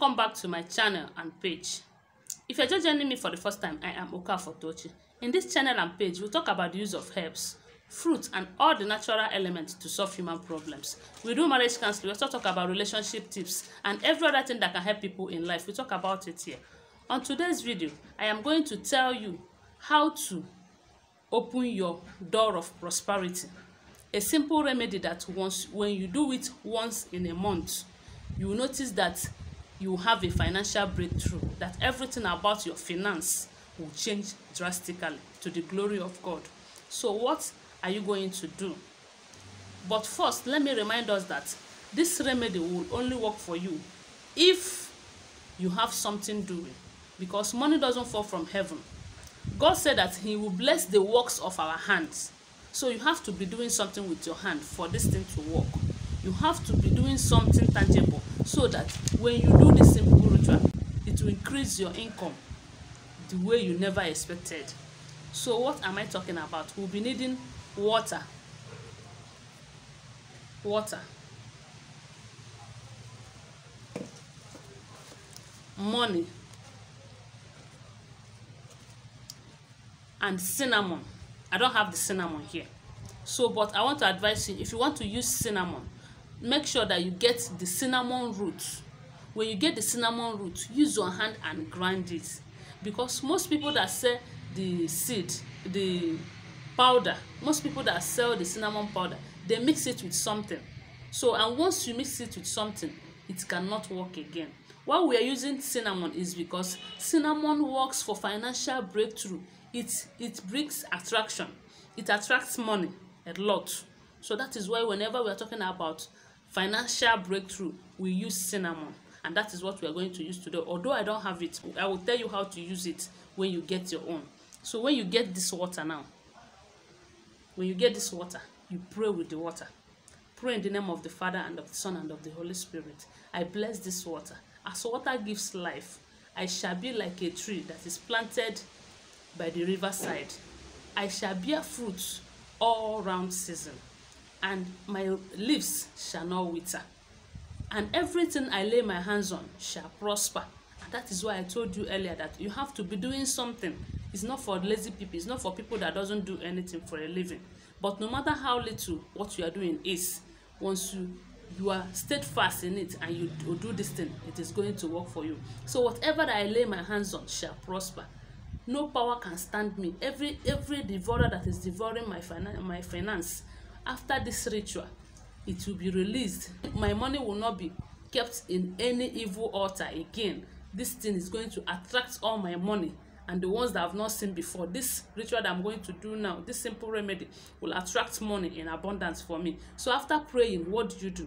welcome back to my channel and page if you're just joining me for the first time i am okafor tochi in this channel and page we talk about the use of herbs fruits and all the natural elements to solve human problems we do marriage counseling we also talk about relationship tips and every other thing that can help people in life we talk about it here on today's video i am going to tell you how to open your door of prosperity a simple remedy that once when you do it once in a month you notice that you have a financial breakthrough that everything about your finance will change drastically to the glory of God. So what are you going to do? But first, let me remind us that this remedy will only work for you if you have something doing because money doesn't fall from heaven. God said that he will bless the works of our hands. So you have to be doing something with your hand for this thing to work you have to be doing something tangible so that when you do this simple ritual it will increase your income the way you never expected so what am i talking about we'll be needing water water money and cinnamon i don't have the cinnamon here so but i want to advise you if you want to use cinnamon make sure that you get the cinnamon root when you get the cinnamon root use your hand and grind it because most people that sell the seed the powder most people that sell the cinnamon powder they mix it with something so and once you mix it with something it cannot work again why we are using cinnamon is because cinnamon works for financial breakthrough it it brings attraction it attracts money a lot so that is why whenever we are talking about financial breakthrough we use cinnamon and that is what we are going to use today although i don't have it i will tell you how to use it when you get your own so when you get this water now when you get this water you pray with the water pray in the name of the father and of the son and of the holy spirit i bless this water as water gives life i shall be like a tree that is planted by the riverside. i shall bear fruit all round season and my leaves shall not wither and everything i lay my hands on shall prosper and that is why i told you earlier that you have to be doing something it's not for lazy people it's not for people that doesn't do anything for a living but no matter how little what you are doing is once you you are steadfast in it and you do this thing it is going to work for you so whatever that i lay my hands on shall prosper no power can stand me every every devourer that is devouring my, finan my finance after this ritual it will be released my money will not be kept in any evil altar again this thing is going to attract all my money and the ones that i've not seen before this ritual that i'm going to do now this simple remedy will attract money in abundance for me so after praying what do you do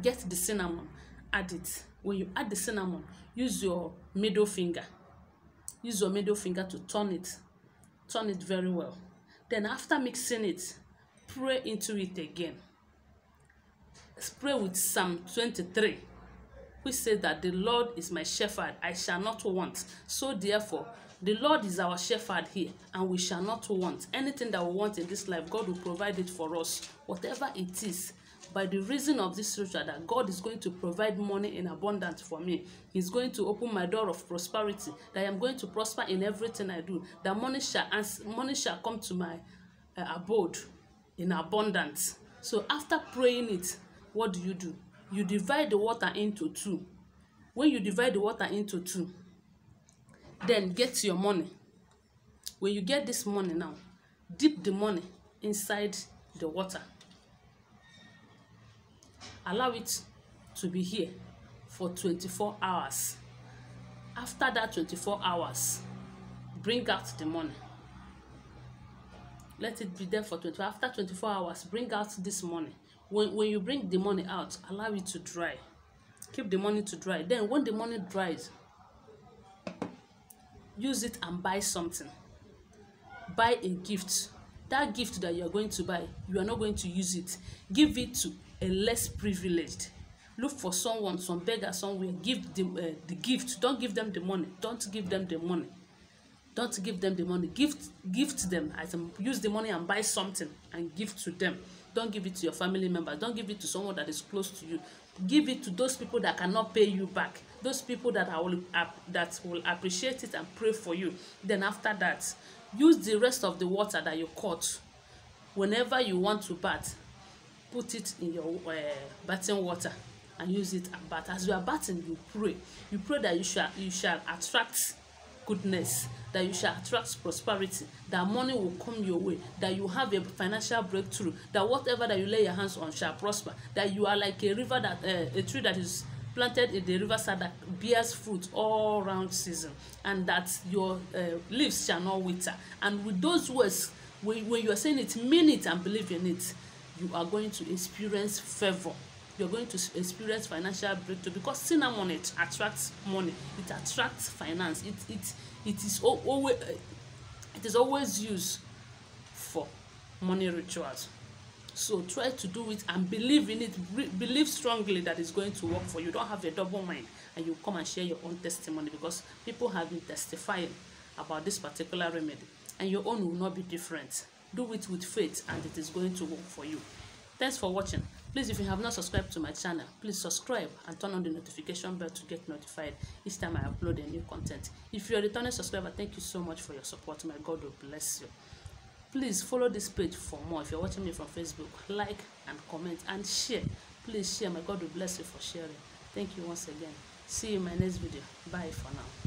get the cinnamon add it when you add the cinnamon use your middle finger use your middle finger to turn it turn it very well then after mixing it pray into it again. Pray with Psalm 23, which says that the Lord is my shepherd, I shall not want. So therefore, the Lord is our shepherd here, and we shall not want. Anything that we want in this life, God will provide it for us, whatever it is. By the reason of this scripture, that God is going to provide money in abundance for me. He's going to open my door of prosperity, that I am going to prosper in everything I do, that money shall, answer, money shall come to my uh, abode in abundance. So after praying it, what do you do? You divide the water into two. When you divide the water into two, then get your money. When you get this money now, dip the money inside the water. Allow it to be here for 24 hours. After that 24 hours, bring out the money let it be there for 24 after 24 hours bring out this money when, when you bring the money out allow it to dry keep the money to dry then when the money dries use it and buy something buy a gift that gift that you are going to buy you are not going to use it give it to a less privileged look for someone some beggar somewhere give them uh, eh, the gift don't give them the money don't give them the money don't give them the money gift gift them as in use the money and buy something and give to them don't give it to your family members don't give it to someone that is close to you give it to those people that cannot pay you back those people that are will uh, that will appreciate it and pray for you then after that use the rest of the water that you caught. whenever you want to bath put it in your uh, bathing water and use it and bath as you are bathing you pray you pray that you shall you shall attract goodness that you shall attract prosperity that money will come your way that you have a financial breakthrough that whatever that you lay your hands on shall prosper that you are like a river that uh, a tree that is planted in the riverside that bears fruit all round season and that your uh, leaves shall not wither and with those words when, when you are saying it mean it and believe in it you are going to experience favour you're going to experience financial breakthrough because cinnamon it attracts money it attracts finance it it it is always eh, it is always used for money rituals so try to do it and believe in it Re believe strongly that it's going to work for you don't have a double mind and you come and share your own testimony because people have been testifying about this particular remedy and your own will not be different do it with faith and it is going to work for you thanks for watching Please, if you have not subscribed to my channel, please subscribe and turn on the notification bell to get notified each time I upload a new content. If you are a returning subscriber, thank you so much for your support. My God will bless you. Please follow this page for more. If you're watching me from Facebook, like and comment and share. Please share. My God will bless you for sharing. Thank you once again. See you in my next video. Bye for now.